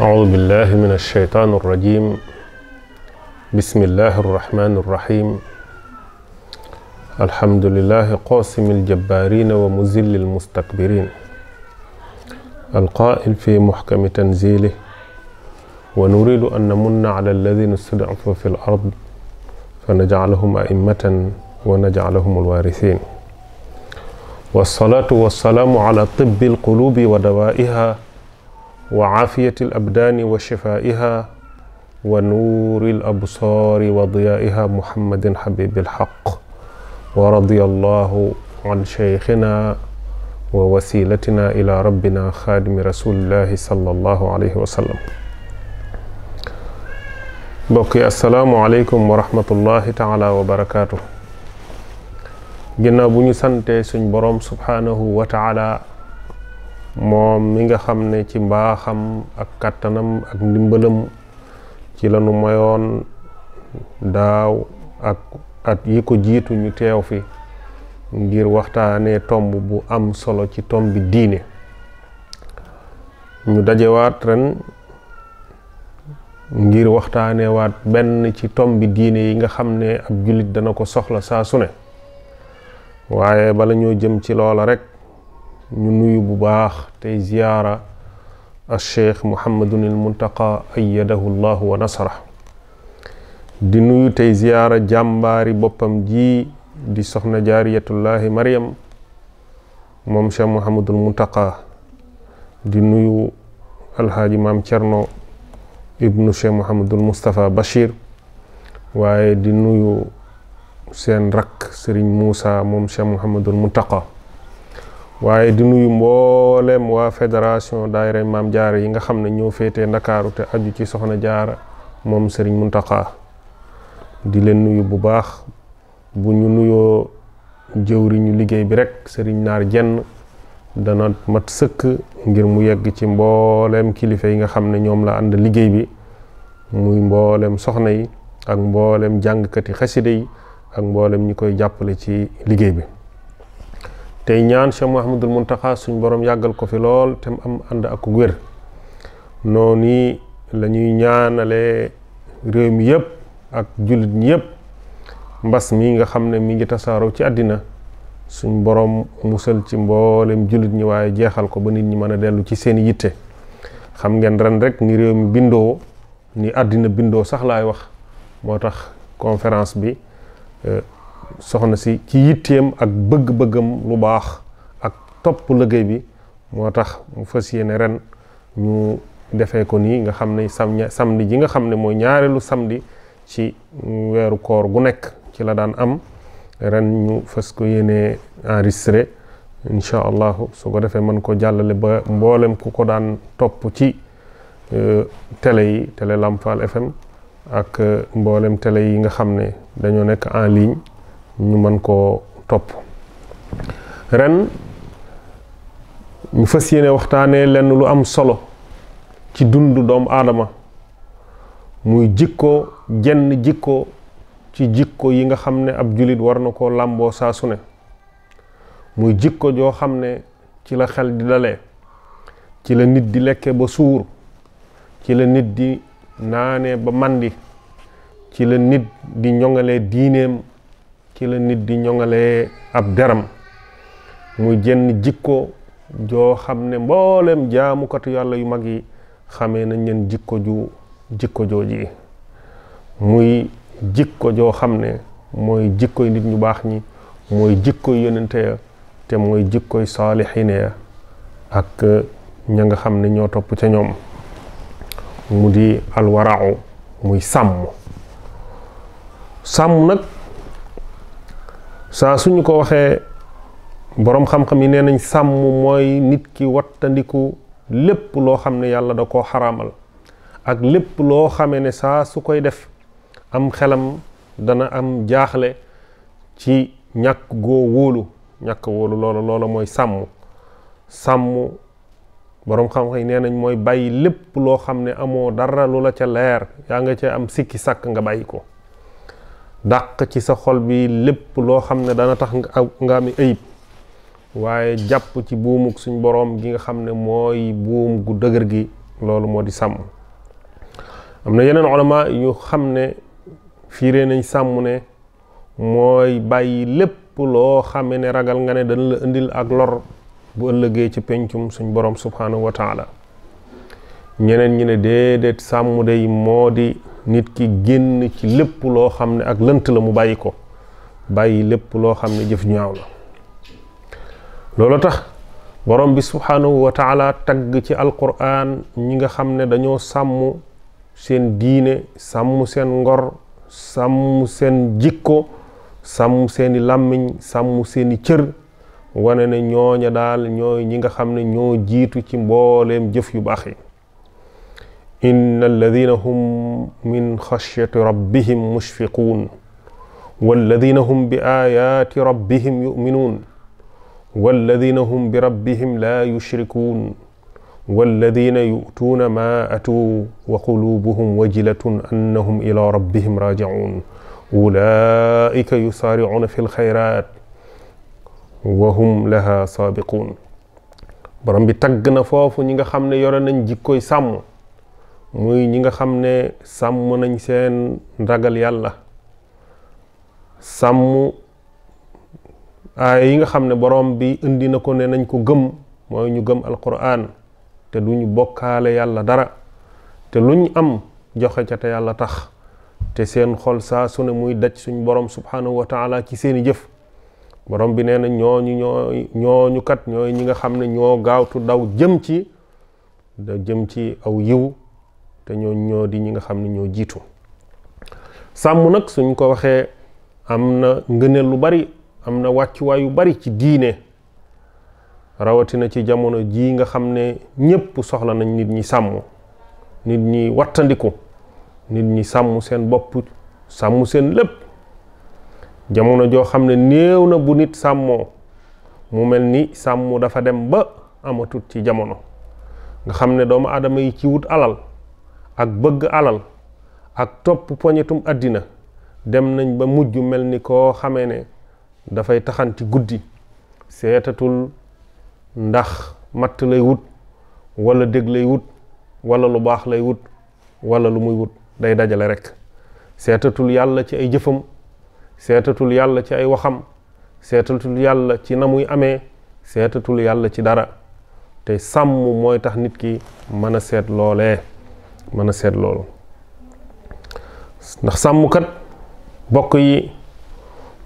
أعوذ بالله من الشيطان الرجيم بسم الله الرحمن الرحيم الحمد لله قاسم الجبارين ومزل المستكبرين القائل في محكم تنزيله ونريد أن نمن على الذين استضعفوا في الأرض فنجعلهم أئمة ونجعلهم الوارثين والصلاة والسلام على طب القلوب ودوائها wa caafiyati alabdaani wa shifaa'iha wa nuuri alabsaari wa diyaa'iha muhammadin xabibi alxaq wa radia allahu an sheykhina wa wasilatina ila rabbina xaadimi rasulillahi sallallahu alayhi wa sallam mbokk yi asalaamualeykum wa rahmatullahi taala wa barakaatu ginnaaw bu ñu sante suñ boroom subhaanahu wa taala moom mi nga xam ne ci mbaaxam ak kàttanam ak ndimbalam ci lanu mayoon daaw ak at yi ko jiitu ñu teew fi ngir waxtaanee tomb bu am solo ci tomb bi diine ñu dajewaat ren ngir waxtaanewaat benn ci tomb bi diine yi nga xam ne ak jullit dana ko soxla saa su waaye bala ñoo jëm ci loola rek ñu nuyu bu baax tey ziyaara al cheikh muhammadunil muntaqa ayyadahu llahu wa nasara di nuyu tey ziyaara jàmbaari boppam ji di soxna jaariyatullahi mariam moom cheikh muhammadul muntaqa di nuyu alhaaji maam cerno ibnu cheikh muhammadul mustapha bachir waaye di nuyu seen rakk sëriñ Moussa moom cheikh muhammadul muntaqa waaye di nuyu mboolem waa fédération daayira maam jaara yi nga xam ne ñoo féetee ndakaaru te aju ci soxna jaara moom sëriñ Muntaxa di leen nuyu bu baax bu ñu nuyoo jëwriñu liggéey bi rekk sëriñ naar jenn dana mat sëkk ngir mu yegg ci mboolem kilifa yi nga xam ne ñoom la ànd liggéey bi muy mboolem soxna yi ak mboolem jàngkati xasida yi ak mboolem ñi koy jàppale ci liggéey bi tey ñaan Cheikh Mouhamadul Mountakha suñ borom yàggal ko fi lool te mu am ànd ak wér noonu la ñuy ñaanale réew mi yëpp ak jullit ñi yëpp mbas mi nga xam ne mi ngi tasaaroo ci àddina suñ borom musal ci mboolem jullit ñi waaye jeexal ko ba nit ñi mën a dellu ci seen yitte xam ngeen ren rek ni réew mi bindoo ni àddina bindoo sax laay wax moo tax conférence bi. Euh, soxna si ci yitteem ak bëgg-bëggam lu baax ak topp liggéey bi moo tax mu fas yéene ren ñu defee ko nii nga xam ne sam samedi ji nga xam ne mooy ñaareelu samedi ci weeru koor gu nekk ci la daan am ren ñu fës ko yéene enregistré incha allahu su ko defee mën ko jàllale ba mboolem ku ko daan topp ci euh, tele yi tele Lamp FM ak euh, mboolem tele yi nga xam ne dañoo nekk en ligne ñu mën koo topp ren ñu fas yéene waxtaanee lenn lu am solo ci dundu doomu aadama muy jikko jenn jikko ci jikko yi nga xam ne ab jullit war na koo làmboo saa ne muy jikko joo xam ne ci la xel di dalee ci la nit di lekke ba suur ci la nit di naanee ba màndi ci la nit di ñoŋalee diineem ci la nit di ñoŋalee ab deram muy jenn jikko joo xam ne mbooleem jaamukatu yàlla yu mag yi xamee nañ leen jikko ju jikko jooji muy jikko joo xam ne mooy jikkoy nit ñu baax ñi mooy jikkoy yonente ya te mooy jikkoy saalixiine ya ak ña nga xam ne ñoo topp ca ñoom mu di alwaraaw muy sàmm sàmm nag saa suñu ko waxee boroom xam-xam yi nee nañ sàmm mooy nit ki wattandiku lépp loo xam ne yàlla da koo xaraamal ak lépp loo xamee ne saa su koy def am xelam dana am jaaxle ci ñàkk goo wóolu ñàkk wóolu loola loola mooy sàmm sàmm boroom xam-xam yi nee nañ mooy bàyyi lépp loo xam ne amoo dara lu la ca leer yaa nga ca am sikki sàkk nga bàyyi ko dàq ci sa xol bi lépp loo xam ne dana tax nga am ayib waaye jàpp ci buumug suñ boroom gi nga xam ne mooy buum gu dëgër gi loolu moo di sàmm am na yeneen ulama yu xam ne fiiree nañ sàmm ne mooy bàyyi lépp loo xame ne ragal nga ne dana la indil ak lor bu ëllëgee ci pencum suñ borom subhanahu wa ñeneen ñi ne déedéet sàmm day moo di nit ki génn ci lépp loo xam ne ak lënt la mu bàyyi ko bàyyi lépp loo xam ne jëf ñaaw la loolu tax borom bi subhaanahu wa taala tagg ci alquran ñi nga xam ne dañoo sàmm seen diine sàmm seen ngor sàmm seen jikko sàmm seeni làmmiñ sàmm seeni cër wane ne ñooña daal ñooy ñi nga xam ne ñoo jiitu ci mbooleem jëf yu baax yi inna alladina hum min xasyati rabbihim mushfiquun walladina hum bi aayaati rabbihim yuminuun walladina hum bi rabbihim laa yushrikuun walladina yu'tuuna maa atuu wa quluubuhum wajilatun annahum ilaa rabbihim raajicuun ulaa'ika yusaaricuuna fi lxayraat wa hum lahaa saabiquun borom bi tagg na foofu ñi nga xam ne yore nañ jikkoy sàmm muy ñi nga xam ne sàmm nañ seen ndagal yàlla sàmm aaya yi nga xam ne borom bi indi na ko ne nañ ko gëm mooy ñu gëm alquran te duñu bokkaale yàlla dara te lu luñ am joxe ca te yàlla tax te seen xol saa su ne muy daj suñ borom subhanahu wa taala ci seeni jëf borom bi nee na ñooñu ñoo ñooñu kat ñooy ñi nga xam ne ñoo gaawtu daw jëm ci da jëm ci aw yiw te ñoo ñoo di ñi nga xam ne ñoo jiitu sàmm nag suñ ko waxee am na ngëneel lu bari am na wàccuwaay yu bari ci diine rawatina ci jamono ji nga xam ne ñépp soxla nañ nit ñi sàmm nit ñi wattandiku nit ñi sàmm seen bopp sàmm seen lépp jamono joo xam ne néew na bu nit sàmmoo mu mel ni sàmm dafa dem ba amatut ci jamono nga xam ne doomu aadama yi ci wut alal ak bëgg alal ak topp poñetum àddina dem nañ ba mujj mel ni koo xamee ne dafay taxanti guddi seetatul ndax matt lay wut wala dég lay wut wala lu baax lay wut wala lu muy wut day dajale rek seetatul yàlla ci ay jëfam seetatul yàlla ci ay waxam seetatul yàlla ci na muy amee seetatul yàlla ci dara te sàmm mooy tax nit ki mën a seet loolee mën a seet loolu ndax sàmmkat bokk yi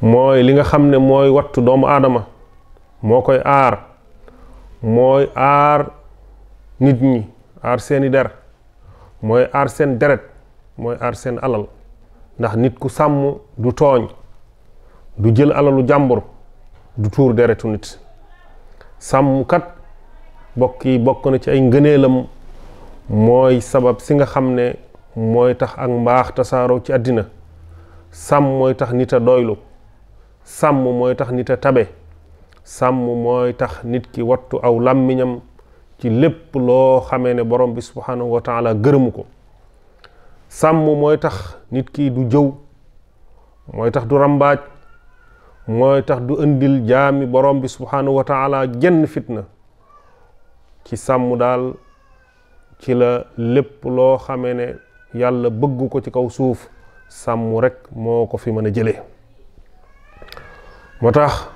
mooy li nga xam ne mooy wattu doomu aadama moo koy aar mooy aar nit ñi aar seeni der mooy aar seen deret mooy aar seen alal ndax nit ku sàmm du tooñ du jël alalu jàmbur du tuur deretu nit sàmmkat bokk yi bokk na ci ay ngëneelam mooy sabab si nga xam ne mooy tax ak mbaax tasaaroo ci àddina sàmm mooy tax nit a doylu sàmm mooy tax nit a tabe sàmm mooy tax nit ki wattu aw làmmiñam ci lépp loo xamee ne borom bi subhaanahu wa gërëmu ko sàmm mooy tax nit ki du jëw mooy tax du rambaaj mooy tax du indil jaami borom bi subhaanahu wa taala jenn fitna ci sàmm daal ci la lépp loo xamee ne yàlla bëgg ko ci kaw suuf sàmm rekk moo ko fi mën a jële moo tax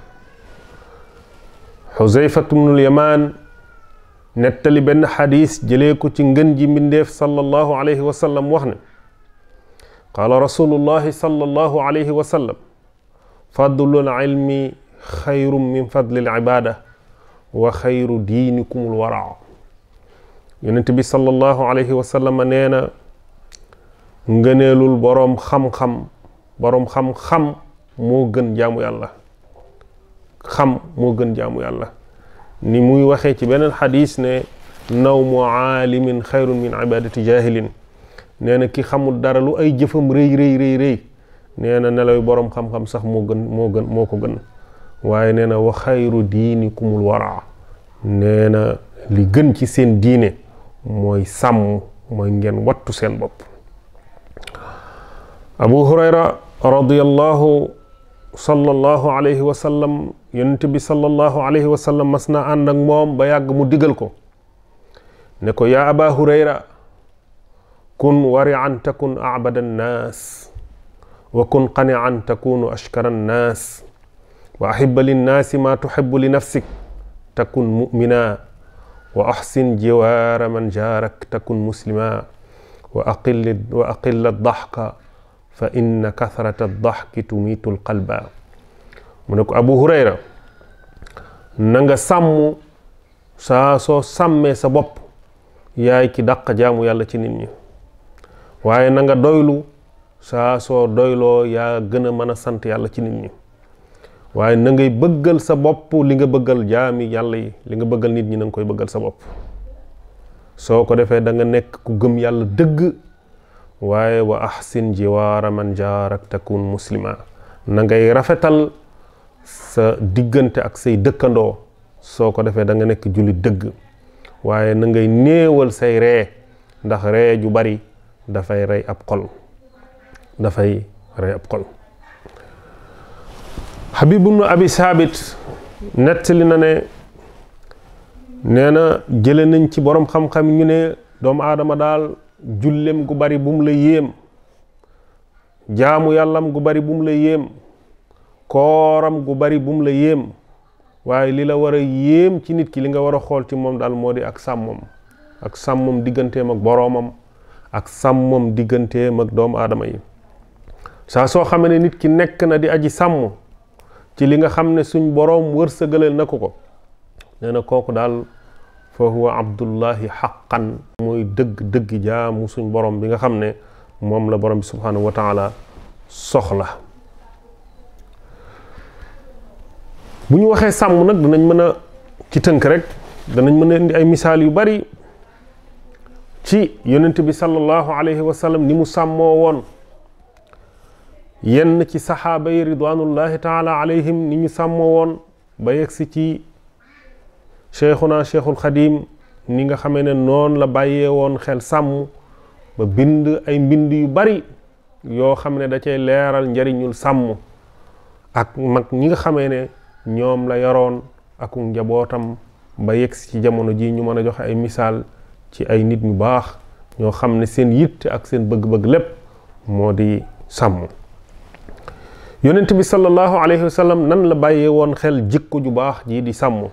xuzeyfatu bnul yamaan nettali benn xadis jële ko ci ngën ji mbindeef sallallahu alayhi wa wax ne qaala rasulullahi sallallahu alayhi wa sallam fadlul ilmi xayru min fadlil ibaada wa xayru diinikumul waraa yonent bi sallallahu alayhi wa sallam nee na ngëneelul boroom xam-xam boroom xam-xam moo gën jaamu yàlla xam moo gën jaamu yàlla ni muy waxee ci beneen xadis ne nawmu aalimin xayrun min ibadati jahilin nee na ki xamul dara lu ay jëfam rëy rëy rëy rëy nee na nelaw boroom xam sax moo gën moo gën moo ko gën waaye nee na wa xayru diinikumul wara nee li gën ci seen diine mooy sàmm mooy ngeen wattu seen bopp abu hurayra radiallahu sallallahu alayhi wa sallam yonent bi sallallahu alayhi wa sallam mas na ànd ak moom ba yàgg mu digal ko ne ko yaa aba hurayra kun warian takun abada annaas wa kun qanian takunu ashkara annaas wa ahibba linnaasi ma tuhibu li nafsik takun mumina wa axsin jiwaara man jaarak takun muslima wa aqil wa aqil daxka fa inna kathrata daxki tumiitul qalba mu ne ko abu hurayra na nga sàmm saa soo sàmmee sa bopp yaay ki dàq jaamu yàlla ci nit ñi waaye na nga doylu saa soo doyloo yaa gën a mën a sant yàlla ci nit ñi waaye na ngay bëggal sa bopp li nga bëggal jaami yàlla yi li nga bëggal nit ñi na koy bëggal sa bopp soo ko defee danga nekk ku gëm yàlla dëgg waaye wa ahsin jiwaara man jaarak takun muslima na ngay rafetal sa diggante ak say dëkkandoo soo ko defee danga nekk jullit dëgg waaye na ngay néewal say ree ndax ree ju bari dafay rey ab xol dafay rey ab xol Habib ibnu Abi Saabit nettali na ne nee na jële nañ ci boroom xam-xam ñu ne doomu aadama daal jullem gu bari bu la yéem jaamu yàllam gu bari bum la yéem kooram gu bari bu la yéem waaye li la war a yéem ci nit ki li nga war a xool ci moom daal moo di ak sàmmam ak sàmmam digganteem ak boroomam ak sàmmam digganteem ak doomu aadama yi saa soo xam ne nit ki nekk na di aji sàmm ci li nga xam ne suñ boroom wër wërsëgaleel na ko ko nee na kooku daal fa huwa abdullahi xaqan muy dëgg dëgg jaamu suñ boroom bi nga xam ne moom la borom bi subhaanahu wa taala soxla bu ñu waxee sàmm nag danañ mën a ci tënk rek danañ mën a indi ay misaal yu bari ci yonent bi sallallahu alayhi wa ni mu sàmmoo woon yenn ci saxaaba yi ridwanullahi taala alayhim ni ñu sàmmoo woon ba yegsi ci cheikhuna cheikhul xadim ni nga xamee ne noonu la bàyyee woon xel sàmm ba bind ay mbind yu bari yoo xam ne da cay leeral njariñul sàmm ak mag ñi nga xamee ne ñoom la yaroon aku njabootam ba yegsi ci jamono ji ñu mën a joxe ay misaal ci ay nit ñu baax ñoo xam ne seen yitt ak seen bëgg-bëgg lépp moo di sàmm yonent bi sallallahu alayhi wa nan la bàyyee woon xel jikko ju baax jii di sàmm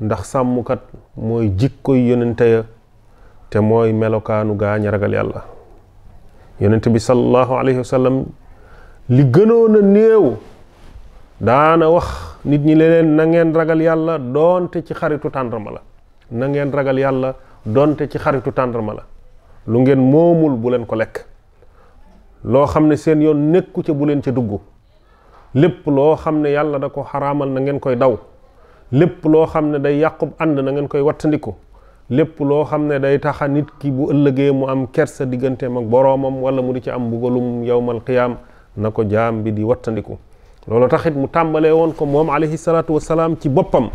ndax sàmmkat mooy jikkoy yonente ya te mooy melokaanu gaaña ragal yàlla yonent bi sallallahu alayhi wa li gënoon a néew daana wax nit ñi leneen na ngeen ragal yàlla doonte ci xaritu tàndarma la na ngeen ragal yàlla doonte ci xaritu tàndarma la lu ngeen moomul bu leen ko lekk loo xam ne seen yoon nekku ca bu leen ca dugg lépp loo xam ne yàlla da ko xaraamal na ngeen koy daw lépp loo xam ne day yàqub ànd na ngeen koy wattandiku lépp loo xam ne day taxa nit ki bu ëllëgee mu am kersa digganteem ak boroomam wala mu di ci am mbugalum yowmal qiyaam na ko jaam bi di wattandiku loolu taxit mu tàmbalee woon ko moom alayhi salaatu wasalaam ci boppam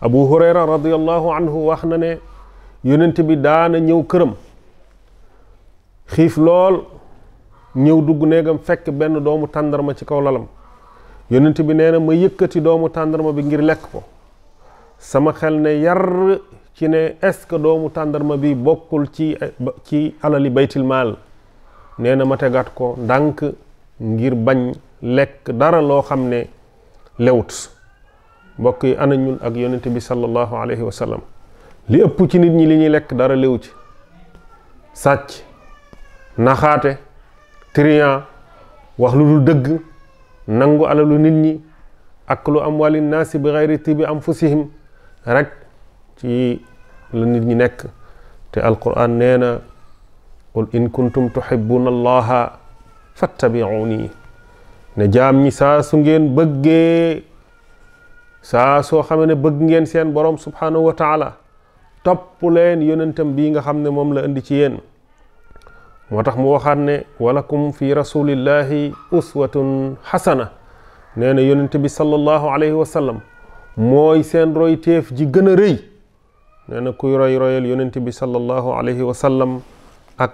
abu hurayra radiallahu anhu wax na ne yonent bi daana ñëw këram xiif lool ñëw dugg néegam fekk benn doomu tàndarma ci kaw lalam yonent bi nee na ma yëkkati doomu tàndarma bi ngir lekk ko sama xel ne yar ci ne est-ce que doomu tàndarma bi bokkul ci ci alali baytil maal nee na ma tegaat ko ndànk ngir bañ lekk dara loo xam ne lewut mbokk yi ana ñun ak yonent bi sallallahu alayhi wa li ëpp ci nit ñi li ñuy lekk dara lewu ci sàcc naxaate trian waxlu lu dëgg nangu alalu nit ñi ak lu am bi xayri tibi am fusihim rek ci la nit ñi nekk te alquran nee na qul in kuntum tuhibbuna allaha fattabiuni ne jaam ñi saa ngeen bëggee saa soo xamee ne bëgg ngeen seen borom subhanahu wa taala topp leen yonentam bii nga xam ne moom la indi ci yéen moo tax mu waxaat ne walakum fi rasulillahi uswatun xasana nee na yonent bi sallallahu alayhi wa sallam mooy seen roy ji gën a rëy nee na kuy roy royal yonent bi sallallahu alayhi wa ak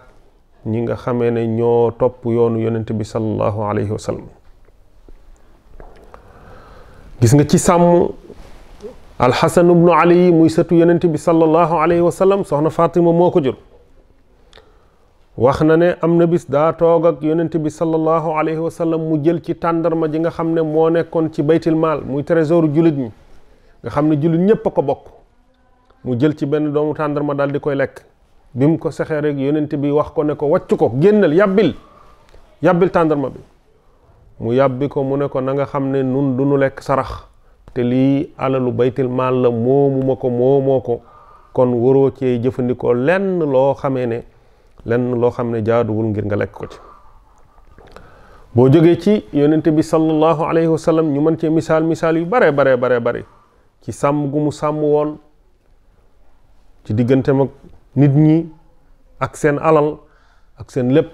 ñi nga xamee ne ñoo topp yoonu yonent bi sallallahu alayhi gis nga ci sàmm alxasan ibnu ali muy satu yonent bi sallallahu alayhi wa sallam soxna Fatima moo ko jur wax na ne am na bis daa toog ak yonent bi sallallahu alayhi mu jël ci tàndarma ji nga xam ne moo nekkoon ci baytil muy trésor jullit ñi nga xam ne jullit ñépp a ko bokk mu jël ci benn doomu tàndarma daal di koy lekk bi mu ko sexee rek yonent bi wax ko ne ko wàcc ko génnal yàbbil yàbbil tàndarma bi mu yàbbi ko mu ne ko na nga xam ne nun du nu lekk sarax te lii alalu baytil maal la moomuma ko moomoo ko kon waroo cee jëfandikoo lenn loo xamee ne lenn loo xam ne jaaduwul ngir nga lekk ko ci boo jógee ci yonente bi sallallahu alayhi wa ñu mën cee misaal misaal yu bare bare bare bare ci sàmm gu mu sàmm woon ci diggante mag nit ñi ak seen alal ak seen lépp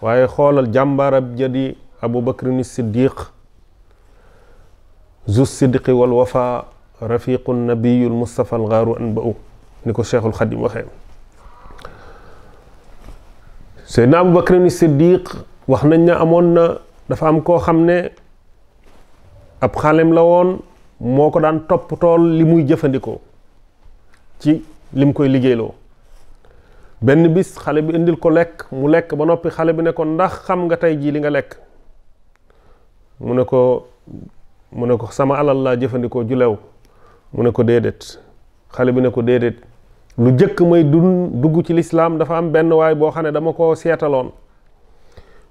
waaye xoolal jàmbaarab jadi abu bakrin siddiq zu siddiqi wal wafa rafiqu nabiyu l mustafa al gaaru u ni ko cheikhul xadim waxee Seydina Abu Bakrin Siddiq wax nañ ne amoon na dafa am koo xam ne ab xalem la woon moo ko daan toppatool li muy jëfandikoo ci lim koy liggéeyloo benn bis xale bi indil ko lekk mu lekk ba noppi xale bi ne ko ndax xam nga tey jii li nga lekk mu ne ko mu ne ko sama alal laa jëfandikoo julew mu ne ko déedéet xale bi ne ko déedéet lu jëkk may du dugg ci lislaam dafa am benn waay boo xam ne dama ko seetaloon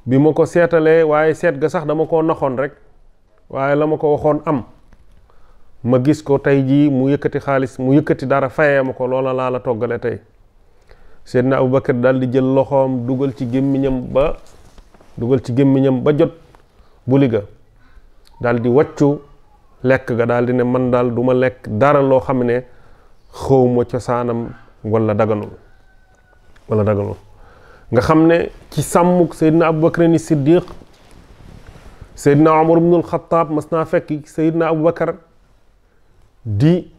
bi ma ko seetalee waaye seet ga sax dama ko naxoon rek waaye la ma ko waxoon am ma gis ko tey jii mu yëkkati xaalis mu yëkkati dara fayee ma ko loola laa la toggale tey Seydina Abubakar dal di jël loxoom dugal ci gémmiñam ba dugal ci gémmiñam ba jot buli ga daal di wàccu lekk ga daal di ne man daal duma lekk dara loo xam ne xawma cosaanam wala daganul wala daganul nga xam ne ci sàmmuk Seydina Aboubacar ni Siddiq Seydina Omar ibnul Xataab mas naa fekk Seydina Aboubacar di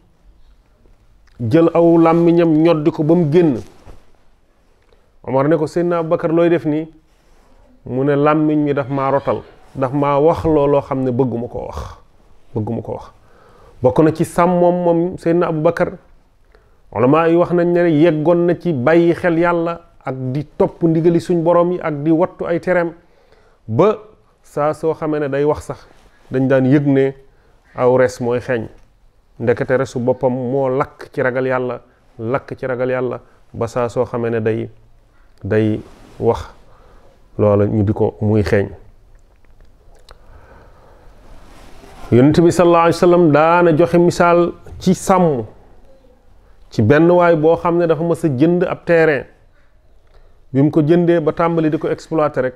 jël aw làmmiñam ñoddi ko ba mu génn Omar ne ko Seydina Aboubacar looy def nii mu ne làmmiñ mi daf maa rotal daf maa wax looloo xam ne bëgguma koo wax bëgguma ko wax bokk na ci sàmmoom moom Seydina Aboubacar olama yi wax nañ ne yeggoon na ci bàyyi xel yàlla ak di topp ndigali suñ borom yi ak di wattu ay tereem ba saa soo xamee ne day wax sax dañ daan yëg ne aw res mooy xeeñ ndekete resu boppam moo lakk ci ragal yàlla lakk ci ragal yàlla ba saa soo xamee ne day day wax loola ñu di ko muy xeeñ yonent bi sallallahu alayhi wa sallam daana joxe misaal ci sàmm ci benn waay boo xam ne dafa ma sa jënd ab terrain bi mu ko jëndee ba tàmbali di ko exploiter rek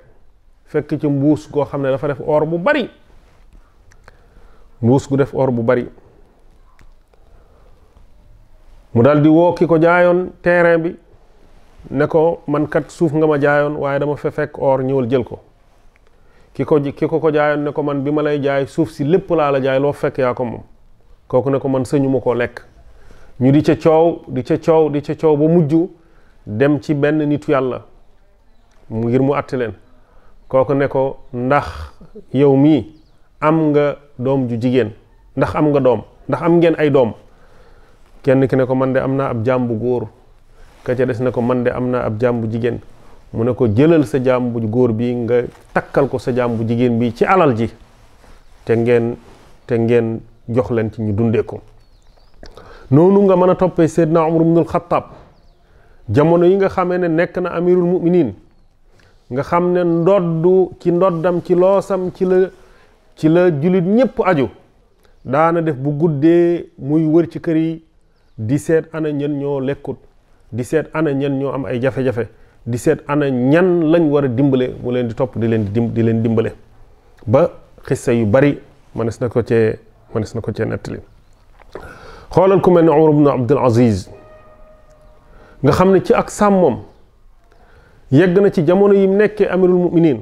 fekk ci mbuus goo xam ne dafa def or bu bari mbuus gu def or bu bari mu dal di woo ki ko jaayoon terrain bi ne ko man kat suuf nga ma jaayoon waaye dama fa fekk or ñëwal jël ko ki ko ki ko ko jaayoon ne ko man bi ma lay jaay suuf si lépp laa la jaay loo fekk yaa ko moom kooku ne ko man sañu ma koo lekk ñu di ca coow di ca coow di ca coow ba mujj dem ci benn nitu yàlla mu ngir mu àtte leen kooku ne ko ndax yow mii am nga doom ju jigéen ndax am nga doom ndax am ngeen ay doom kenn ki ne ko man de am naa ab jaam bu góor ka ca des ne ko man de am naa ab jaam bu jigéen mu ne ko jëlal sa jaam bu góor bii nga takkal ko sa jaam bu jigéen bii ci alal ji te ngeen te ngeen jox leen ci ñu dundee ko noonu nga mën a toppee Seydina Umar ibnul Xattaab jamono yi nga xamee ne nekk na amirul muminin nga xam ne ndoddu ci ndoddam ci loosam ci la ci la jullit ñépp aju daana def bu guddee muy wër ci kër yi di seet ana ñen ñoo lekkut di seet ana ñen ñoo am ay jafe-jafe di seet ana ñan lañ war a dimbale mu leen di topp di leen di dim di leen dimbale ba xissa yu bari mënees na ko cee mënees na ko cee nettali xoolal ku mel ne Omar ibn Abdul Aziz nga xam ne ci ak sàmmoom yegg na ci jamono yi mu nekkee amirul muminin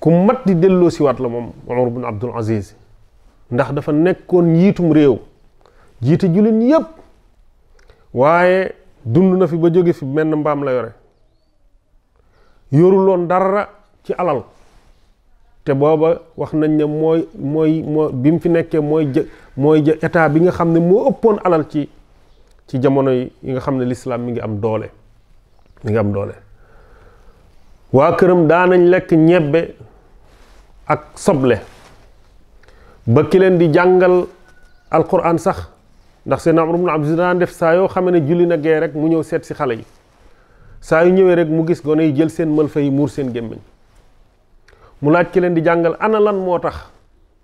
ku mat di delloo siwaat la moom Omar ibn Abdul Aziz ndax dafa nekkoon njiitum réew jiite jullit yépp waaye dund na fi ba jóge fi menn mbaam la yore yoruloon darara ci alal te booba wax nañ ne mooy mooy moo bi mu fi nekkee mooy jë mooy jë état bi nga xam ne moo ëppoon alal ci ci jamono yi nga xam ne lislaam mi ngi am doole mi ngi am doole waa këram daanañ lekk ñebbe ak soble ba ki leen di jàngal alquran sax ndax seen Amr ibn Abd daan def saa yoo xamee ne julli na gee rek mu ñëw seet si xale yi saa yu ñëwee rek mu gis gone yi jël seen mëlfa yi muur seen gémmiñ mu laaj ki leen di jàngal ana lan moo tax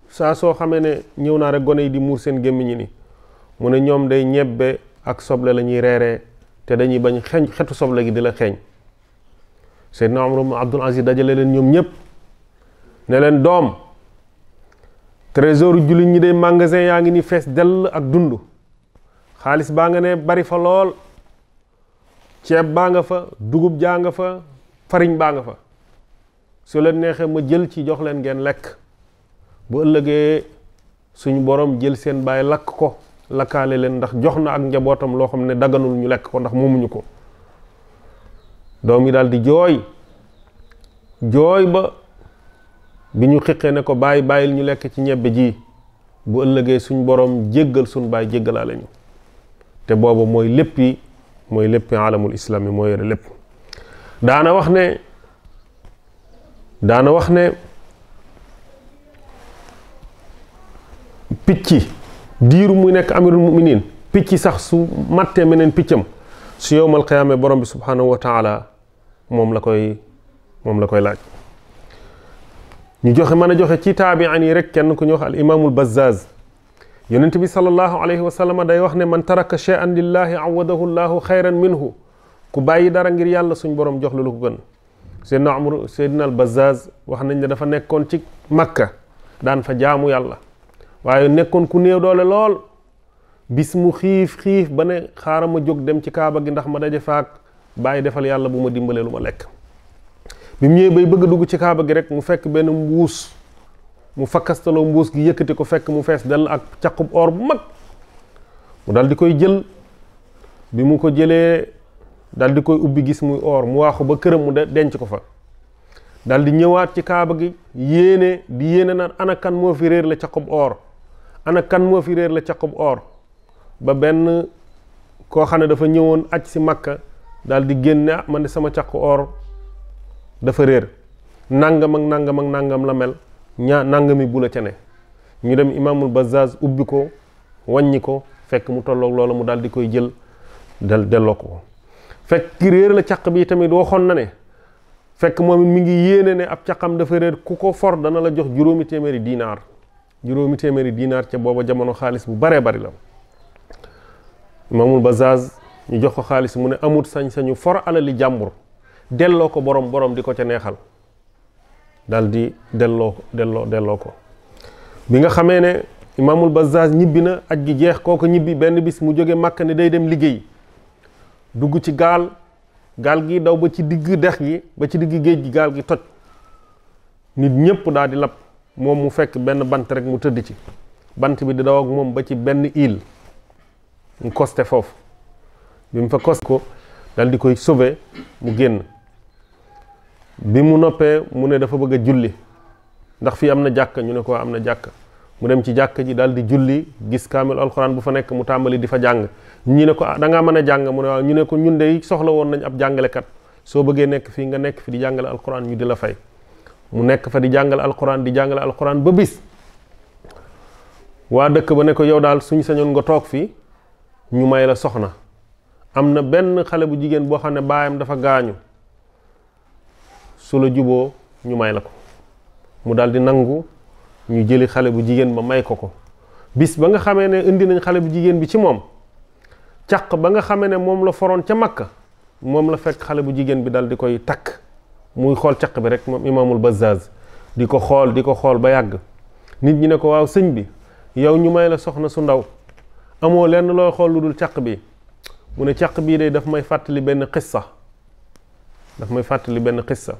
saa soo xamee ne ñëw naa rek gone yi di muur seen gémmiñ ni mu ne ñoom day ñebbe ak soble la ñuy reeree te dañuy bañ xeñ xetu soble gi di la xeeñ Seydina Umar ibn Abdul Aziz dajale leen ñoom ñëpp ne leen doom trésor jullit ñi day magasin yaa ngi ni fees dell ak dund xaalis baa nga ne bari fa lool ceeb baa nga fa dugub jaa nga fa fariñ baa nga fa su leen neexee ma jël ci jox leen ngeen lekk bu ëllëgee suñu borom jël seen baay lakk ko lakkaale leen ndax jox na ak njabootam loo xam ne daganul ñu lekk ko ndax moomuñu ko doom yi daal di jooy jooy ba bi ñu xiqee ne ko bàyyi bàyyil ñu lekk ci ñebbe ji bu ëllëgee suñ borom jéggal suñ baay jéggalaale ñu te booba mooy léppi mooy léppi alamul islaam yi moo yore lépp daana wax ne daana wax ne picc diiru muy nekk amirul muminin picc sax su mattee meneen piccam su yowmal qiyaame borom bi subhaanahu wa taala moom la koy moom la koy laaj ñu joxe mën a joxe ci taabian yi rek kenn ku ñu wax al imaamul bazzaz yonent bi salallahu alayhi wa sallam day wax ne man taraka cheyan lillahi awadahu llahu xayran minhu ku bàyyi dara ngir yàlla suñ borom jox lu ko gën Seydina Amr Seydina al Bazzaz wax nañ ne dafa nekkoon ci Makka daan fa jaamu yàlla waaye nekkoon ku néew doole lool bis mu xiif xiif ba ne xaaral ma jóg dem ci kaaba gi ndax ma daje faak bàyyi defal yàlla bu ma dimbalee lu ma lekk bi mu ñëwee bay bëgg dugg ci kaaba gi rek mu fekk benn mbuus mu fakkastaloo mbuus gi yëkkati ko fekk mu fees dell ak caqub or bu mag mu dal di koy jël bi mu ko jëlee dal di koy ubbi gis muy or mu waaxu ba këram mu de denc ko fa dal di ñëwaat ci kaaba gi yéene di yéene naan ana kan moo fi réer la caqub or ana kan moo fi réer la caqub or ba benn koo xam ne dafa ñëwoon aj si makka dal di génn ah man de sama caqu or dafa réer nangam ak nangam ak nangam la mel ñaa nangami bu la ca ñu dem imaamul Bazzaz ubbi ko wàññi ko fekk mu tolloog loola mu dal di koy jël del delloo ko fekk ki réer la caq bi tamit waxoon na ne fekk moom mu ngi yéene ne ab caqam dafa réer ku ko for dana la jox juróomi téeméeri diinaar juróomi téeméeri diinaar ca booba jamono xaalis bu baree bari la imaamul Bazaaz ñu jox ko xaalis mu ne amut sañ-sañu for alali jàmbur delloo ko borom borom di ko ca neexal dal di delloo delloo delloo ko bi nga xamee ne imaamul Bazaaz ñibbi na aj gi jeex kooku ñibbi benn bis mu jóge Màkka ne day dem liggéey dugg ci gaal gaal gi daw ba ci digg dex gi ba ci digg géej gi gaal gi toj nit ñëpp daal di lab moom mu fekk benn bant rek mu tëdd ci bant bi di daw ak moom ba ci benn île mu costé foofu bi mu fa costé ko dal di koy sobe mu génn bi mu noppee mu ne dafa bëgg a julli ndax fii am na jàkka ñu ne ko am na jàkka mu dem ci jàkk ji daal di julli gis kaamil alxuraan bu fa nekk mu tàmbali di fa jàng ñu ne ko ah, da ngaa mën a jàng mu ne waaw ñu ne ko ñun de soxla woon nañ ab jàngalekat soo bëggee nekk fii nga nekk fii di jàngale alxuraan ñu di la fay mu nekk fa di jàngale alxuraan di jàngale alxuraan ba bis waa dëkk ba ne ko yow daal suñu sañoon nga toog fii ñu may la soxna am na benn xale bu jigéen boo xam ne baayam dafa gaañu su la juboo ñu may la ko mu dal di nangu ñu jëli xale bu jigéen ba may ko ko bis ba nga xamee ne indi nañ xale bu jigéen bi ci moom caq ba nga xamee ne moom la foroon ca makka moom la fekk xale bu jigéen bi dal di koy takk muy xool caq bi rek moom imaamul Bazzaz di ko xool di ko xool ba yàgg nit ñi ne ko waaw sëñ bi yow ñu may la soxna su ndaw amoo lenn looy xool lu dul caq bi mu ne caq bii day daf may fàttali benn xissa daf may fàttali benn xissa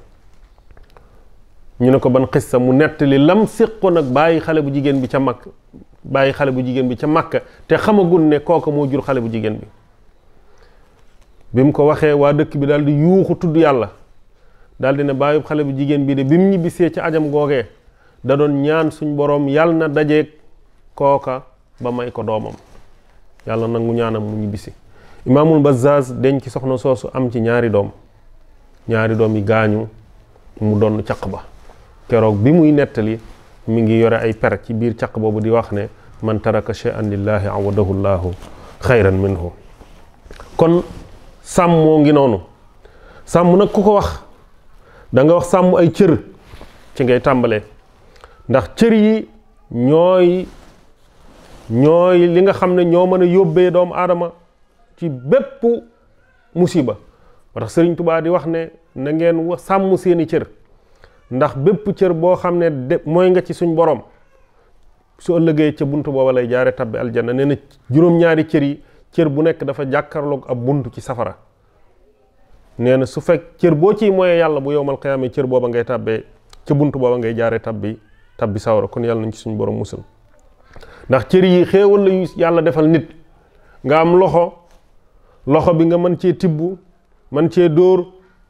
ñu ne ko ban xissa mu nettali lam séqoon nag bàyyi xale bu jigéen bi ca mag bàyyi xale bu jigéen bi ca Makka te xamagul ne kooka moo jur xale bu jigéen bi bi mu ko waxee waa dëkk bi daal di yuuxu tudd yàlla daal ne bàyyi xale bu jigéen bi de bi ñibbisee ca ajam googee da doon ñaan suñ boroom yàlla na dajeeg kooka ba may ko doomam yàlla nangu ñaanam mu ñibbisi imaamul Bazzaz denc ci soxna soosu am ci ñaari doom ñaari doom yi gaañu mu doon caq ba keroog bi muy nettali mi ngi yore ay per ci biir caq boobu di wax ne man taraka shay'an lillahi awadahu llahu xayran minhu kon sàmmoo ngi noonu sàmm nag ku ko wax danga wax sàmm ay cër ci ngay tàmbalee ndax cër yi ñooy ñooy li nga xam ne ñoo mën a yóbbee doomu aadama ci bépp musiba moo tax Sëriñ Tubaa di wax ne na ngeen sàmm seeni cër ndax bépp cër boo xam ne de mooy nga ci suñ borom su ëllëgee ca bunt booba lay jaare tabbi aljanna nee na juróom-ñaari cër yi cër bu nekk dafa jàkkarlook ab bunt ci safara nee na su fekk cër boo ciy mooyee yàlla bu mal qiyaama cër booba ngay tàbbee ca bunt booba ngay jaare tabbi tabbi sawara kon yàlla nañ ci suñ borom musal ndax cër yi xéewal la yu yàlla defal nit nga am loxo loxo bi nga mën cee tibb mën cee dóor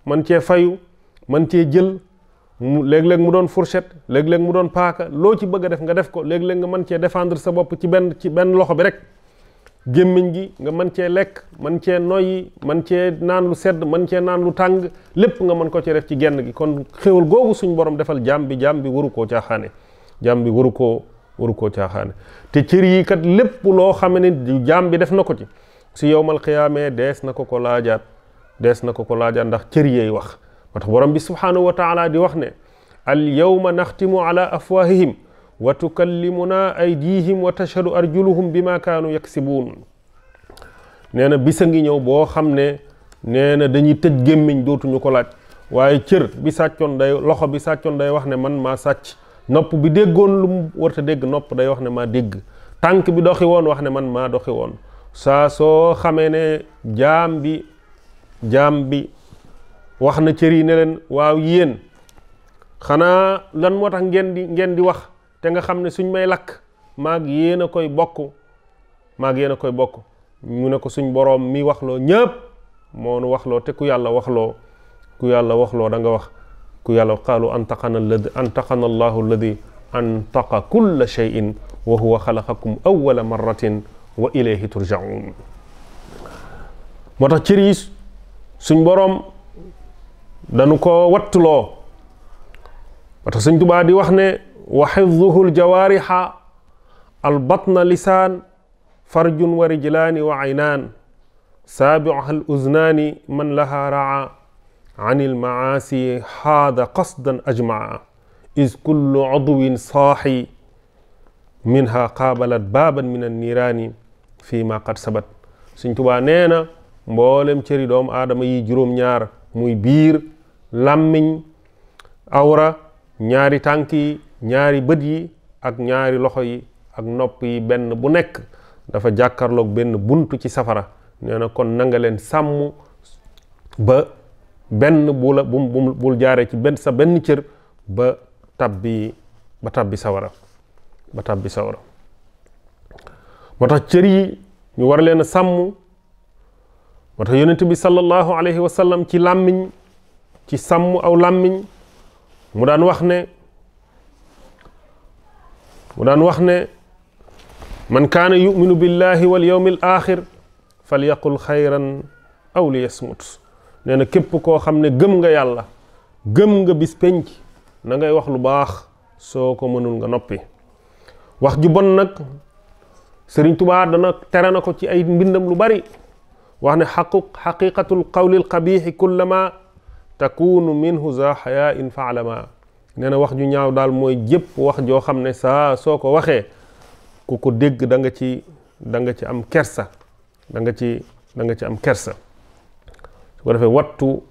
mën cee fayu mën cee jël léeg-léeg mu doon fourchette léeg-léeg mu doon paaka loo ci bëgg a def nga def ko léeg-léeg nga mën cee défendre sa bopp ci benn ci benn loxo bi rek gémmiñ gi nga mën cee lekk mën cee noyyi man cee naan lu sedd mën cee naan lu tàng lépp nga mën ko cee def ci genn gi kon xéwal googu suñ borom defal jaam bi jaam bi waru koo caaxaane jaam bi waru koo waru koo caaxaane te cër yi kat lépp loo xam ne jaam bi def na ko ci su yowmal xiyaamee dees na ko ko laajaat dees na ko ko laajaat ndax cër yeey wax moo tax borom bi subhaanahu wa taala di wax ne al yawma naxtimu ala afwahihim ay tukallimuna aydihim a tashhadu arjuluhum ma kaanu yaksibuun nee na bisa ngi ñëw boo xam ne nee na dañuy tëj gémmiñ dootuñu ko laaj waaye cër bi sàccoon day loxo bi sàccoon day wax ne man maa sàcc nopp bi déggoon lu mu warta dégg nopp day wax ne maa dégg tànk bi doxi woon wax ne man maa doxi woon saa soo xamee ne jaam bi jaam bi wax na cër yi ne leen waaw yéen xanaa lan moo tax ngeen di ngeen di wax te nga xam ne suñ may lakk maag yéen a koy bokk maag yéen a koy bokk mu ne ko suñ boroom mi loo ñëpp moo nu loo te ku yàlla loo ku yàlla waxloo da nga wax ku yàlla qaalu antaqana alladi antaqana allahu alladi antaqa kulla cheyin wa huwa xalaqakum awala marratin wa ilayhi turjaun moo tax cër suñ boroom dañu ko wattuloo ba tax sëñ Tubaa di wax ne wa xifduhu aljawaarixa albatna lisaan farjun wa rijlaani wa aynaan saabiuha al uznaani man laha raa an ilmaasi xaada qasdan ajmaa is kullu udwin saaxi minha qaabalat baaban min anniiraani fii ma qad sabat sëñ Tubaa nee na mboolem cëri doomu aadama yi juróom-ñaar muy biir làmmiñ awra ñaari tànk yi ñaari bët yi ak ñaari loxo yi ak nopp yi benn bu nekk dafa jàkkarloog benn bunt ci safara nee na kon nanga leen sàmm ba benn bu la bu bul jaaree ci benn sa benn cër ba tabbi ba tabbi sawara ba tabbi sawara moo tax cër yi ñu war leen sàmm moo tax yonent bi sallallahu alayhi wa sallam ci làmmiñ ci sàmm aw làmmiñ mu daan wax ne mu daan wax ne man kaana yuminu billahi wal yawmil axir fal yaqul xayran aw li yasmut nee na képp koo xam ne gëm nga yàlla gëm nga bis penc na ngay wax lu baax soo ko mënul nga noppi wax ju bon nag Sëriñ Tubaa dana tere na ko ci ay mbindam lu bari wax ne xaqu xaqiqatul qawlil qabiixi kullama takunu minhu za xayaa in faalama wax ju ñaaw daal mooy jëpp wax joo xam ne saa soo ko waxee ku ko dégg danga ci da nga ci am kersa da ci da ci am kersa su ko defee wattu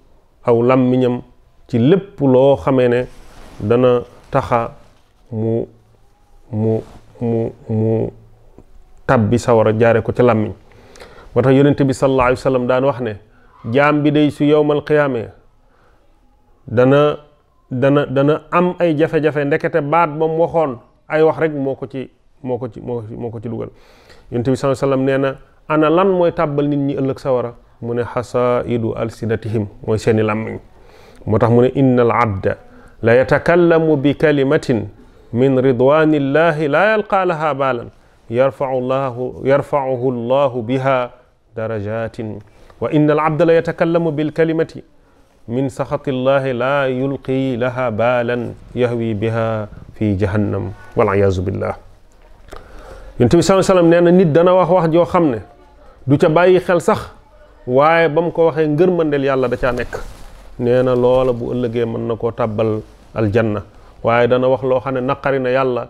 aw làmmiñam ci lépp loo xamee ne dana taxa mu mu mu mu tàbbi sawara jaare ko ci làmmiñ moo tax yonent bi sallallahu alayhi daan wax ne jaam bi day su yowmal qiyaame dana dana dana am ay jafe-jafe ndekete baat ba mu ay wax rek moo ko ci moo ko ci moo ko ci dugal yonent bi sallallahu nee na ana lan mooy tàbbal nit ñi ëllëg sawara mu ne xasaidu alsinatihim mooy seeni làmmiñ moo tax mu ne inna al abda la yatakallamu bi kalimatin min ridwanillahi la yalqaa laha baalan yarfau llahu biha darajatin wa inna al abda la yatakallamu bil kalimati min saxati llahi la yulqi laha baalan yahwi biha fi jahannam waliyasu billah yonent bi saa sallam na nit dana wax wax joo xam ne du ca bàyyi xel sax waaye ba mu ko waxee ngërmandeel yàlla da caa nekk nee na loola bu ëllëgee mën na koo tàbbal aljanna waaye dana wax loo xam ne naqari na yàlla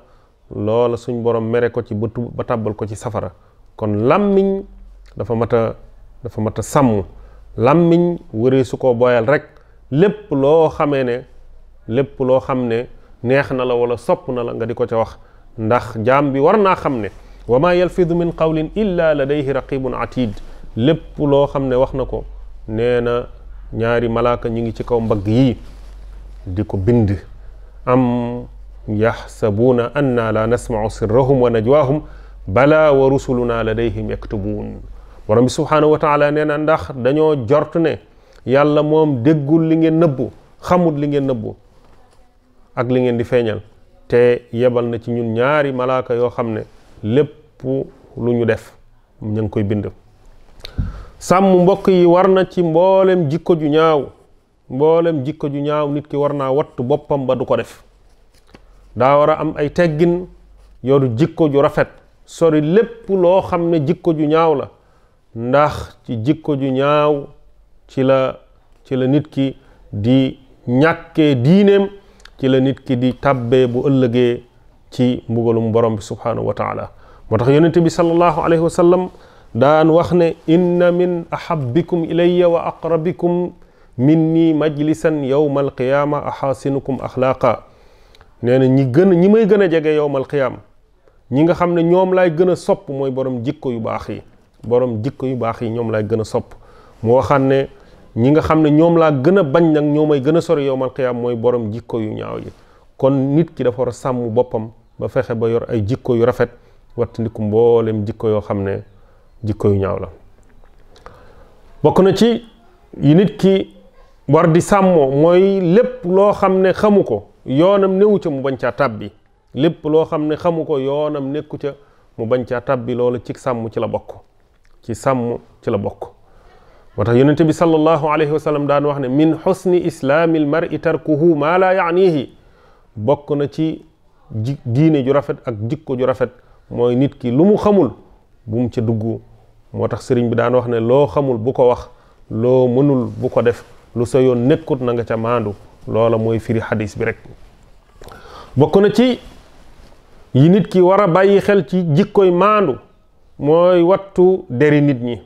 loola suñ borom mere ko ci bëtu ba tàbbal ko ci safara kon làmmiñ dafa mat a dafa mat a sàmm làmmiñ wëree ko boyal rek lépp loo xamee ne lépp loo xam ne neex na la wala sopp na la nga di ko ca wax ndax jaam bi war naa xam ne wa maa yalfidu min qawlin illa ladayhi raqibun atid lépp loo xam ne wax na ko nee na ñaari malaaka ñu ngi ci kaw mbagg yi di ko bind am yaxsabuuna anna la nasmau sirrahum wa najwaahum bala wa rusuluna ladayhim yaktubuun borom bi subhaanahu wa nee na ndax dañoo jort ne yàlla moom déggul li ngeen nëbbu xamut li ngeen nëbbu ak li ngeen di feeñal te yebal na ci ñun ñaari malaaka yoo xam ne lépp lu ñu def ñu ngi koy bind sàmm mbokk yi war na ci mboolem jikko ju ñaaw mboolem jikko ju ñaaw nit ki war naa watt boppam ba du ko def daa war a am ay teggin yoru jikko ju rafet sori lépp loo xam ne jikko ju ñaaw la ndax ci jikko ju ñaaw ci la ci la nit ki di ñàkkee diineem ci la nit ki di tàbbee bu ëllëgee ci mbugalum borom bi subhaanahu wa taala moo tax yonente bi sallallahu alayhi wa sallam daan wax ne inna min ahabbikum ilayya wa aqrabikum minni majlisan yowma alqiyaama axaasinukum axlaaqa nee na ñi gën ñi may gën a jege yowma alqiyaama ñi nga xam ne ñoom laay gën a sopp mooy borom jikko yu baax yi borom jikko yu baax yi ñoom laay gën a sopp mu waxaan ne ñi nga xam ne ñoom laa gën a bañ nag ñoo may gën a sori yowmal xiyaam mooy borom jikko yu ñaaw yi kon nit ki dafa war a sàmm boppam ba fexe ba yor ay jikko yu rafet wattandiku mboolem jikko yoo xam ne jikko yu ñaaw la bokk na ci yi nit ki war di sàmmoo mooy lépp loo xam ne xamu ko yoonam newu ca mu bañ caa tàbbi lépp loo xam ne xamu ko yoonam nekku ca mu bañ caa tàbbi loola ci sàmm ci la bokk ci sàmm ci la bokk moo tax yonente bi sallallahu alayhi wa sallam daan wax ne min xusni islaamil mar'i tarkuhu maa laa yaanihi bokk na ci ji diine ju rafet ak jikko ju rafet mooy nit ki lu mu xamul bu mu ca dugg moo tax sëriñ bi daan wax ne loo xamul bu ko wax loo mënul bu ko def lu sa yoon nekkut na nga ca maandu loola mooy firi xadis bi rek bokk na ci yi nit ki war a bàyyi xel ci jikkoy maandu mooy wattu deri nit ñi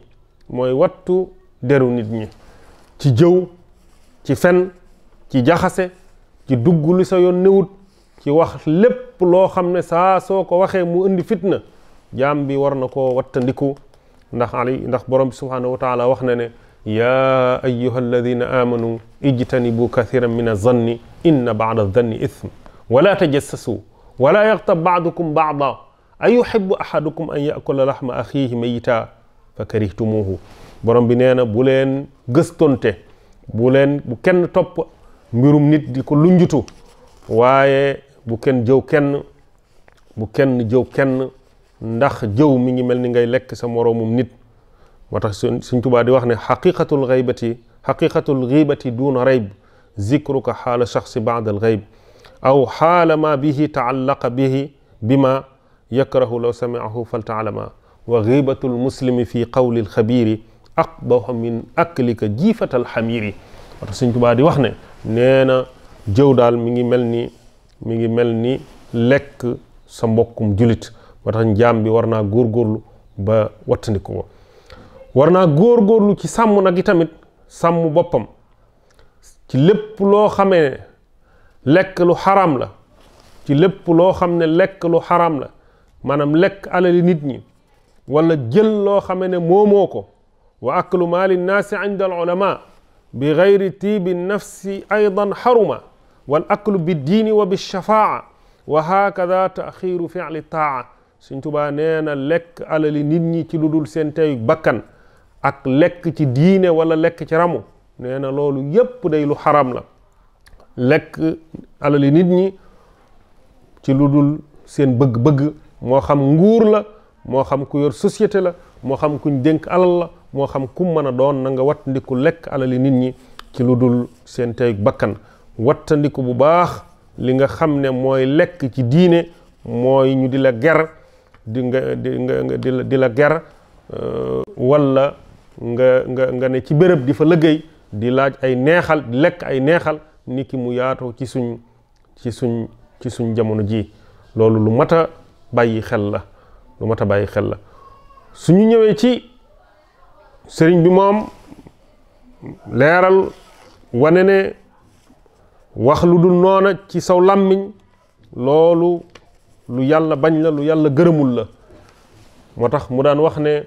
mooy wattu deru nit ñi ci jëw ci fen ci jaxase ci dugg lu sa yoon newut ci wax lépp loo xam ne saa soo ko waxee mu indi fitna jaam bi war na koo wattandiku ndax ali ndax borom bi subhaanahu wa wax na ne yaa ayuha alladina amanu ijtanibu kathiran min azanni inna baada azanni ithm wala tajassasu wala yaxtab baadukum baada ay ayuhibbu ahadukum an yakula lahma axiihi mayita fa karihtumuhu borom bi nee na bu leen gëstonte bu leen bu kenn topp mbirum nit di ko lunjutu waaye bu kenn jëw kenn bu kenn jëw kenn ndax jëw mi ngi mel ni ngay lekk sa moroomum nit moo tax suñ tubaa di wax ne xaqiqatul xaybati xaqiqatul xibati duuna rayb zikruka xaala shaxsi baada al xayb aw xaala ma bihi taallaqa bihi bima yakrahu law samiahu faltaalama wa ghibatu lmuslimi fi qawli ba aqbahu min aklika jiifata alxamiri wata Sëñ Tuubaa di wax ne nee na jëw daal mi ngi mel ni mi ngi mel ni lekk sa mbokkum julit moo tax jaam bi war naa góorgóorlu ba wattandiku ko war naa góorgóorlu ci sàmm nag yi tamit sàmm boppam ci lépp loo xamee lekk xaraam la ci lépp loo xam ne lekk lu xaraam la maanaam lekk alali nit ñi walla jël loo xame ne moomoo ko wa aklu maali nnaasi inda al ulama bi gayri tiibi nafsi aydan xaruma wal aklu bi diini wa bi shafaa wa hakada taxiru fiali taa Sëñ na lekk alali nit ñi ci lu dul seen tey bakkan ak lekk ci diine wala lekk ci ramu nee na loolu yépp day lu xaram la lekk alali nit ñi ci lu dul seen bëgg-bëgg moo xam nguur la moo xam ku yor société la moo xam kuñ dénk alal la moo xam ku mën a doon na nga wattandiku lekk alali nit ñi ci lu dul seen tey bakkan wattandiku bu baax li nga xam ne mooy lekk ci diine mooy ñu di la ger di nga di nga di la ger euh, walla nga nga nga ne ci béréb di fa liggéey di laaj ay neexal di lekk ay neexal nit ki mu yaatoo ci suñ ci suñ ci suñ jamono ji loolu lu mata bàyyi xel la lu mat a bàyyi xel la suñu ñëwee ci sëriñ bi moom leeral wane ne wax lu dul noona ci saw làmmiñ loolu lu yàlla bañ la lu yàlla gërëmul la moo tax mu daan wax ne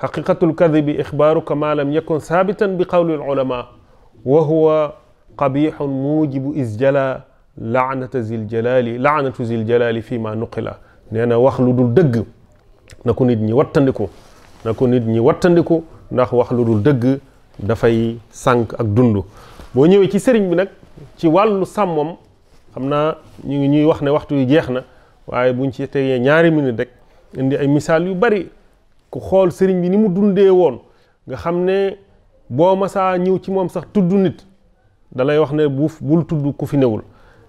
xaqiqatul kadibi ixbaaruka maa lam yakun saabitan bi qawli ulama wa huwa qabixun muujibu isjala laanata zil jalali laanatu zil jalali fi ma nuqila nee na wax lu dul dëgg na ko nit ñi wattandiku na nit ñi wattandiku ndax wax lu dul dëgg dafay sànq ak dund boo ñëwee ci sëriñ bi nag ci wàllu sàmmam xam naa ñu ngi ñuy wax ne waxtu yu jeex na waaye buñ ci tegee ñaari minute rek indi ay misaal yu bari ku xool sëriñ bi ni mu dundee woon nga xam ne boo masaa ñëw ci moom sax tudd nit dalay wax ne buuf bul tudd ku fi newul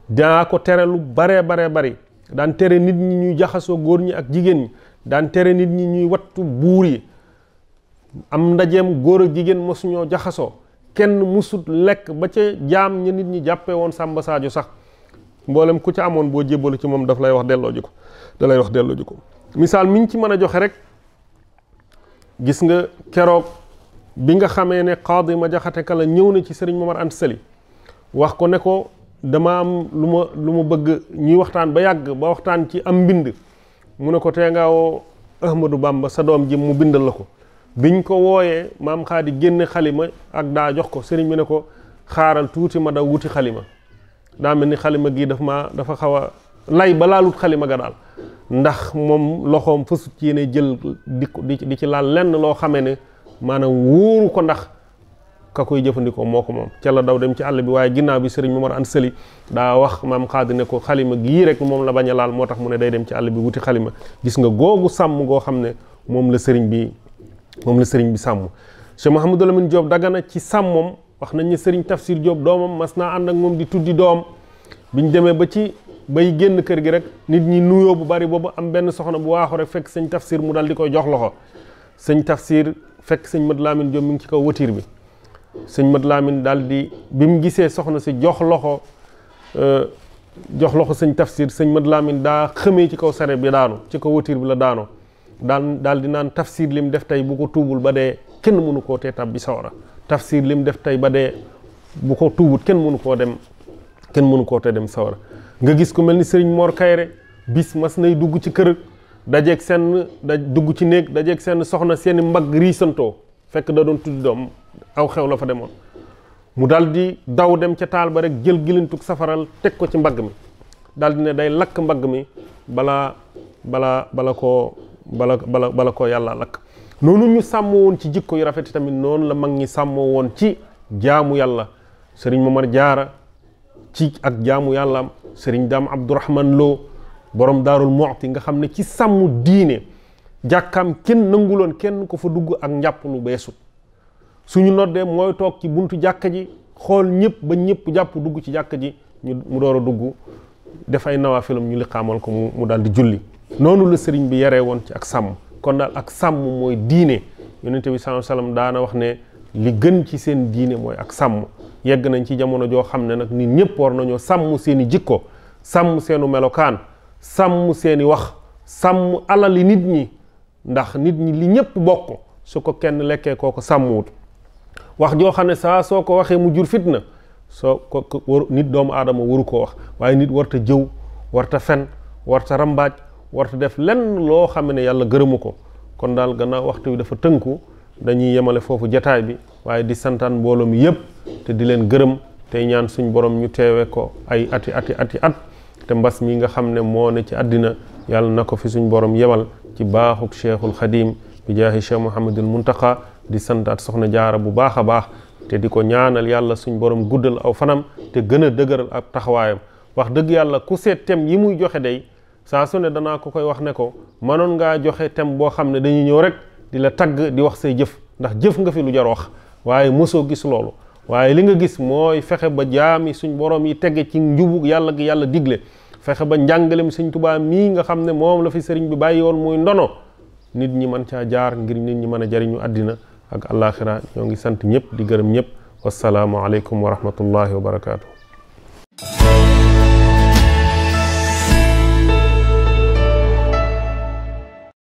daa ko tere lu baree baree bari daan tere nit ñi ñuy jaxasoo góor ñi ak jigéen ñi daan tere nit ñi ñuy wattu buur yi am ndajeem góor ak jigéen mosuñoo jaxasoo kenn musut lekk ba ca jaam ña nit ñi jàppee woon Samba saaju sax mboolem ku ca amoon boo jébbalu ci moom daf lay wax delloo ko dalay wax delloo ko misaal mi ci mën a joxe rek gis nga keroog bi nga xamee ne Qaadi ma jaxate kala ñëw na ci sëriñ Momar Anta Sali wax ko ne dama am lu ma lu ma bëgg ñuy waxtaan ba yàgg ba waxtaan ci am mbind mu ne ko tee ngaa woo Ahmadou Bamba sa doom ji mu bindal la ko biñ ko wooyee maam xaadi génne xalima ak daa jox ko sëriñ bi ne ko xaaral tuuti ma da wuti xalima daa mel ni xalima gi dafa ma dafa xaw a lay balaa lut xalima ga daal ndax moom loxoom fasut yéene jël di di ci laal lenn loo xamee ne maanaam wóoru ko ndax ka koy jëfandikoo moo ko moom ca la daw dem ci àll bi waaye ginnaaw bi sëriñ Momar Anta Sali daa wax maam xaadi ne ko xalima gii rek moom la bañ a laal moo tax mu ne day dem ci àll bi wuti xalima gis nga googu sàmm goo xam ne moom la sëriñ bi moom la sëriñ bi sàmm Cheikh Mouhamadou Lamine Diop Dagana ci sàmmam wax nañ ne sëriñ Tafsir Diop doomam mas naa ànd ak moom di tuddi doom ñu demee ba ci bay génn kër gi rek nit ñi nuyoo bu bari boobu am benn soxna bu waaxu rek fekk sëñ Tafsir mu dal di koy jox loxo sëñ Tafsir fekk sëñ Mad Lamine joom mu ngi ci kaw watiir bi sëñ Mat Laamin daal di bi mu gisee soxna si jox loxo euh, jox loxo sëñ tafsir sëñ Mat Laamin daa xëmee ci kaw sare bi daanu ci kaw watiir bi la daanoo daan dal di naan li mu def tey bu ko tuubul ba dee kenn mënu koo tee tab bi sawara tafsir lim def tey ba dee bu ko tuubut kenn mënu koo dem kenn mënu koo te dem sawara nga gis ko mel ni sëriñ moor Kayre bis mas nay dugg ci kër dajeeg seen da dugg ci néeg dajeeg seen soxna seeni mbagg riisantoo fekk da doon tudd doom aw xew la fa demoon mu daldi daw dem ca taal ba rek jël gilintug safaral teg ko ci mbagg mi daal di ne day lakk mbagg mi balaa bala bala koo bala bala koo yàlla lakk noonu ñu sàmmoo woon ci jikko yu rafet tamit noonu la mag ñi sàmmoo woon ci jaamu yàlla sëriñ Momar Jaara ci ak jaamu yàllaam sëriñ Daam Abdourahman loo borom daarul moxti nga xam ne ci sàmm diine jàkkaam kenn nanguloon kenn ko fa dugg ak njàpp lu beesut suñu noddee mooy toog ci buntu jàkka ji xool ñëpp ba ñëpp jàpp dugg ci jàkka ji ñu mu door a dugg dafay ay nawaafilam ñu liqaamal ko mu mu daal di julli noonu la sëriñ bi yaree woon ci ak sàmm kon daal ak sàmm mooy diine yonente bi sallallahu alayhi daana wax ne li gën ci seen diine mooy ak sàmm yegg nañ ci jamono joo xam ne nag nit ñëpp war nañoo sàmm seeni i jikko sàmm seenu melokaan sàmm seeni wax sàmm alali nit ñi ndax nit ñi li ñëpp bokk su ko kenn lekkee kooko sàmmwut wax joo xam ne saa soo ko waxee mu jur fit na soo ko waru nit doomu aadama waru koo wax waaye nit warta jëw warta fen warta rambaaj warta def lenn loo xam ne yàlla gërëmu ko kon daal gannaaw waxtu bi dafa tënku dañuy yemale foofu jataay bi waaye di santaan mbooloo mi yépp te di leen gërëm tey ñaan suñ borom ñu teewe ko ay ati ati ati at te mbas mi nga xam ne moo ne ci àddina yàlla na ko fi suñ borom yemal ci baaxuk cheikhul xadim bi jaahi cheikh muhammadul muntaqa di santaat soxna jaara bu baax a baax te di ko ñaanal yàlla suñ borom guddal aw fanam te gën a dëgëral ab taxawaayam wax dëgg yàlla ku seet tem yi muy joxe day saa su ne danaa ko koy wax ne ko mënoon ngaa joxe thème boo xam ne dañuy ñëw rek di la tagg di wax say jëf ndax jëf nga fi lu jar wax waaye mosoo gis loolu waaye li nga gis mooy fexe ba jaami suñ borom yi tege ci njubu yàlla gi yàlla digle fexe ba njàngalem suñ tubaa mii nga xam ne moom la fi sëriñ bi bàyyi woon muy ndono nit ñi mën caa jaar ngir nit ñi mën a jariñu àddina ak alaaxira ñoo ngi sant ñëpp di gërëm ñëpp wasalaamualeykum wa rahmatullahi wa barakaatu.